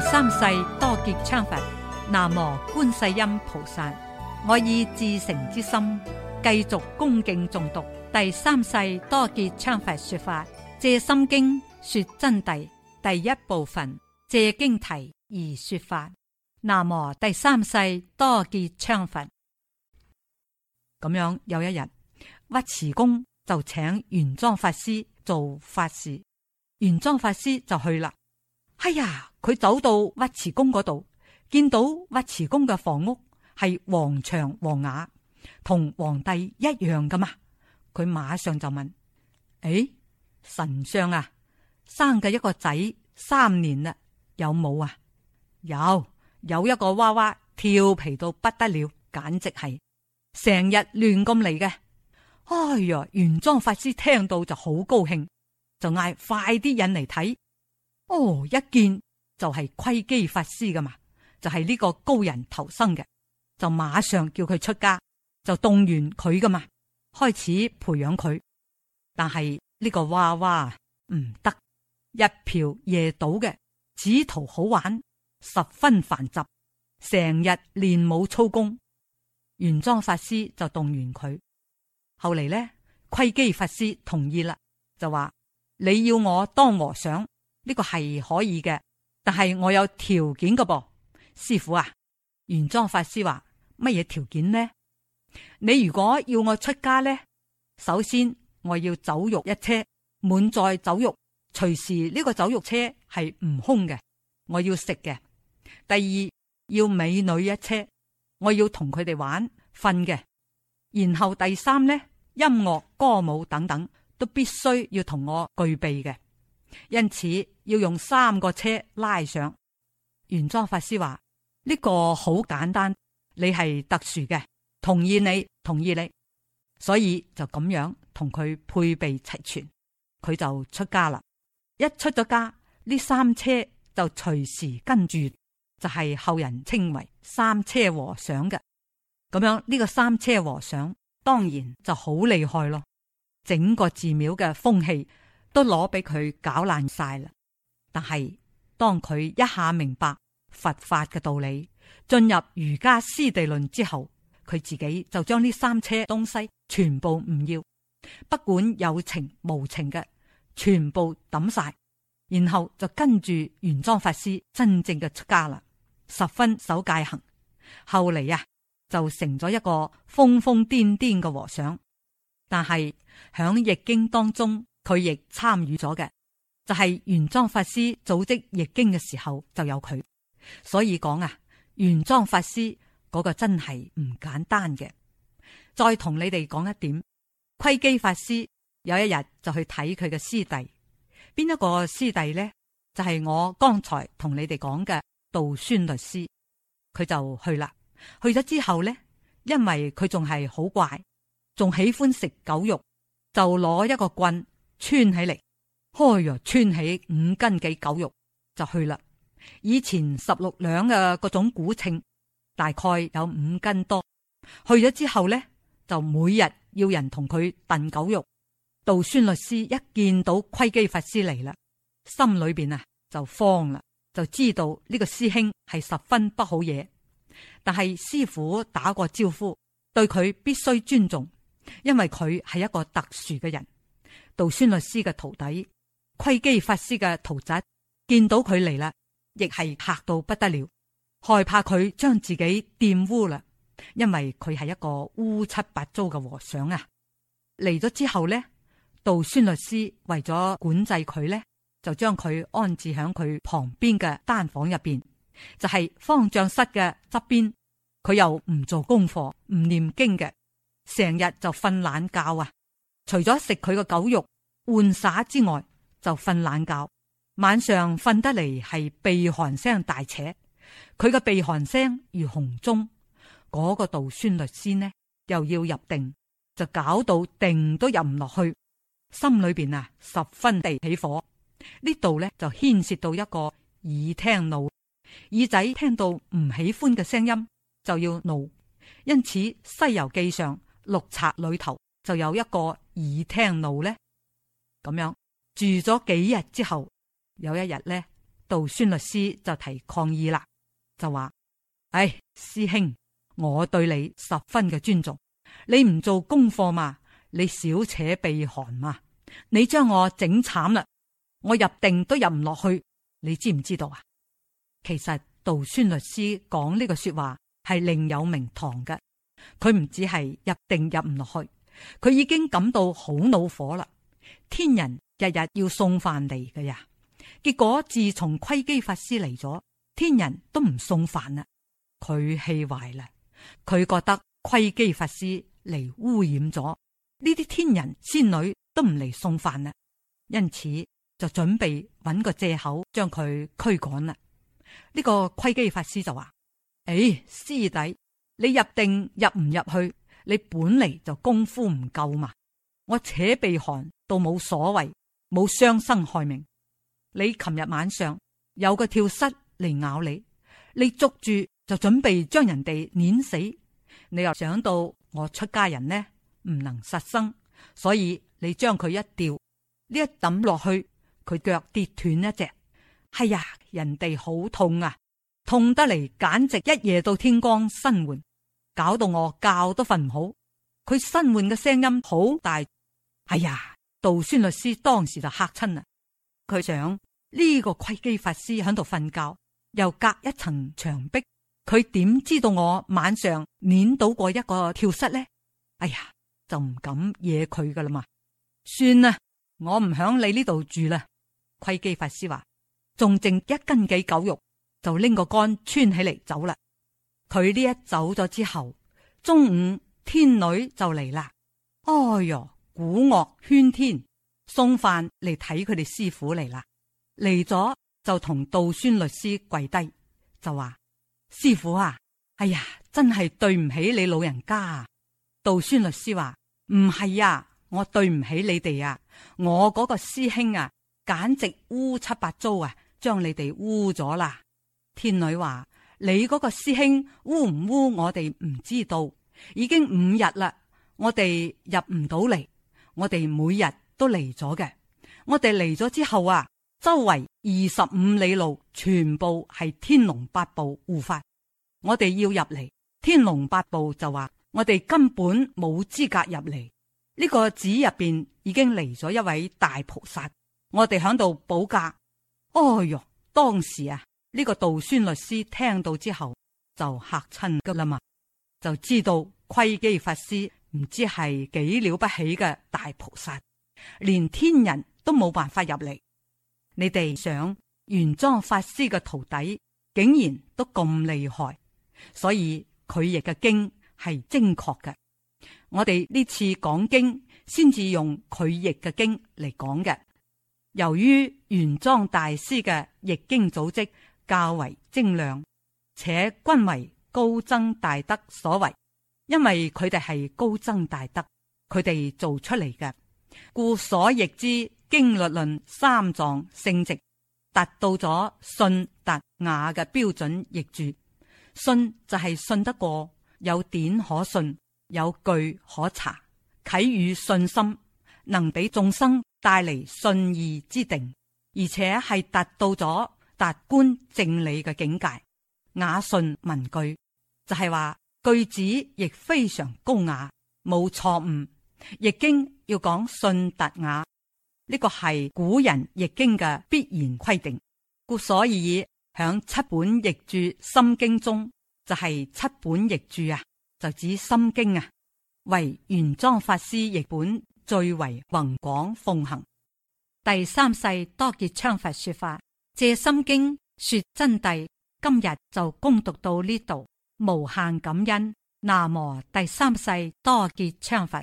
第三世多杰羌佛，南無觀世音菩薩。我以至誠之心繼續恭敬誦讀第三世多杰羌佛說法《藉心經說真諦》第一部分《藉經題而說法》。南無第三世多杰羌佛。咁樣，有一日，尉遲恭就請玄奘法師做法事，玄奘法師就去啦。哎呀！佢走到尉遲恭嗰度，見到尉遲恭嘅房屋係黃牆黃瓦，同皇帝一樣噶嘛。佢馬上就問，誒、哎，神相啊，生嘅一個仔三年啦，有冇啊？有，有一個娃娃調皮到不得了，簡直係成日亂咁嚟嘅。哎呀，玄奘法師聽到就好高興，就嗌，快啲引嚟睇。哦，一見。就係窺基法師噶嘛，就係、是、呢個高人投生嘅，就馬上叫佢出家，就動員佢噶嘛，開始培養佢。但係呢、這個娃娃唔得，日嫖夜賭嘅，只圖好玩，十分繁雜，成日練武操功。玄奘法師就動員佢，後嚟咧，窺基法師同意啦，就話你要我當和尚，呢、這個係可以嘅。但係我有條件噶噃，師傅啊，玄奘法師話，乜嘢條件呢？你如果要我出家呢，首先我要酒肉一車，滿載酒肉，隨時呢個酒肉車係唔空嘅，我要食嘅。第二要美女一車，我要同佢哋玩瞓嘅。然後第三呢，音樂歌舞等等都必須要同我具備嘅。因此要用三個車拉上。玄奘法師話：呢個好簡單，你係特殊嘅，同意你，同意你，所以就咁樣同佢配備齊全，佢就出家啦。一出咗家，呢三車就隨時跟住，就係後人稱為三車和尚嘅。咁樣呢個三車和尚當然就好厲害咯，整個寺廟嘅風氣。都攞俾佢搞爛晒啦！但係當佢一下明白佛法嘅道理，進入瑜伽師地論之後，佢自己就將呢三車東西全部唔要，不管有情無情嘅，全部抌晒，然後就跟住玄奘法師真正嘅出家啦，十分守戒行。後嚟呀、啊，就成咗一個瘋瘋癲癲嘅和尚。但係響《易經》當中。佢亦參與咗嘅，就係、是、原莊法師組織譯經嘅時候就有佢，所以講啊，原莊法師嗰、那個真係唔簡單嘅。再同你哋講一點，窺基法師有一日就去睇佢嘅師弟，邊一個師弟咧？就係、是、我剛才同你哋講嘅道宣律師，佢就去啦。去咗之後咧，因為佢仲係好怪，仲喜歡食狗肉，就攞一個棍。穿起嚟，開呀！穿起五斤幾狗肉就去啦。以前十六兩嘅嗰種古稱，大概有五斤多。去咗之後咧，就每日要人同佢燉狗肉。道宣律師一見到窺基法師嚟啦，心裏邊啊就慌啦，就知道呢個師兄係十分不好嘢。但係師父打過招呼，對佢必須尊重，因為佢係一個特殊嘅人。道宣律師嘅徒弟、窺基法師嘅徒侄見到佢嚟啦，亦係嚇到不得了，害怕佢將自己玷污啦，因為佢係一個污七八糟嘅和尚啊！嚟咗之後咧，道宣律師為咗管制佢咧，就將佢安置喺佢旁邊嘅單房入邊，就係方丈室嘅側邊。佢又唔做功課，唔念經嘅，成日就瞓懶覺啊！除咗食佢個狗肉玩耍之外，就瞓懶覺。晚上瞓得嚟係鼻鼾聲大扯，佢嘅鼻鼾聲如洪鐘。嗰、那個道宣律師呢又要入定，就搞到定都入唔落去，心裏邊啊十分地起火。這呢度呢就牽涉到一個耳聽怒，耳仔聽到唔喜歡嘅聲音就要怒。因此西遊《西遊記》上六賊裏頭。就有一個耳聽路咧，咁樣住咗幾日之後，有一日咧，道宣律師就提抗議啦，就話：唉、哎，師兄，我對你十分嘅尊重，你唔做功課嘛，你少扯鼻鼾嘛，你將我整慘啦，我入定都入唔落去，你知唔知道啊？其實道宣律師講呢個說話係另有名堂嘅，佢唔止係入定入唔落去。佢已經感到好惱火啦！天人日日要送飯嚟嘅呀，結果自從窺基法師嚟咗，天人都唔送飯啦。佢氣壞啦，佢覺得窺基法師嚟污染咗呢啲天人仙女都唔嚟送飯啦，因此就準備揾個借口將佢驅趕啦。呢個窺基法師就話：「誒，師弟，你入定入唔入去？你本嚟就功夫唔夠嘛，我扯鼻鼾都冇所謂，冇傷身害命。你琴日晚上有個跳蚤嚟咬你，你捉住就準備將人哋捏死，你又想到我出家人呢，唔能殺生，所以你將佢一掉，呢一抌落去，佢腳跌斷一隻。係、哎、呀，人哋好痛啊，痛得嚟簡直一夜到天光，呻喚。搞到我覺都瞓唔好，佢新換嘅聲音好大。哎呀，道宣律師當時就嚇親啦。佢想呢、這個窺機法師喺度瞓覺，又隔一層牆壁，佢點知道我晚上碾到過一個跳蚤呢？哎呀，就唔敢惹佢噶啦嘛。算啦，我唔響你呢度住啦。窺機法師話，仲剩一斤幾狗肉，就拎個杆穿起嚟走啦。佢呢一走咗之後，中午天女就嚟啦。哎喲，鼓樂喧天，送飯嚟睇佢哋師父嚟啦。嚟咗就同道宣律師跪低，就話：師父啊，哎呀，真係對唔起你老人家啊！道宣律師話：唔係啊，我對唔起你哋啊，我嗰個師兄啊，簡直污七八糟啊，將你哋污咗啦。天女話。你嗰個師兄污唔污，我哋唔知道。已經五日啦，我哋入唔到嚟。我哋每日都嚟咗嘅，我哋嚟咗之後啊，周圍二十五里路全部係天龍八部護法。我哋要入嚟，天龍八部就話我哋根本冇資格入嚟。呢個寺入邊已經嚟咗一位大菩薩，我哋響度保駕。哎呦，當時啊！呢、這個道宣律師聽到之後就嚇親噶啦嘛，就知道窺基法師唔知係幾了不起嘅大菩薩，連天人都冇辦法入嚟。你哋想玄奘法師嘅徒弟竟然都咁厲害，所以佢譯嘅經係精確嘅。我哋呢次講經先至用佢譯嘅經嚟講嘅，由於玄奘大師嘅譯經組織。較為精良，且均為高僧大德所為，因為佢哋係高僧大德，佢哋做出嚟嘅，故所譯之經律論三藏聖跡，達到咗信達雅嘅標準譯著，信就係信得過，有點可信，有據可查，啟予信心，能俾眾生帶嚟信義之定，而且係達到咗。達觀正理嘅境界，雅信文句就係話句子亦非常高雅，冇錯誤。譯經要講信達雅，呢個係古人譯經嘅必然規定。故所以響七本譯著心經中，就係七本譯著啊，就指心經啊，為玄奘法師譯本最為宏廣奉行。第三世多杰羌佛說法。藉心經說真諦，今日就恭讀到呢度，無限感恩。南無第三世多杰羌佛。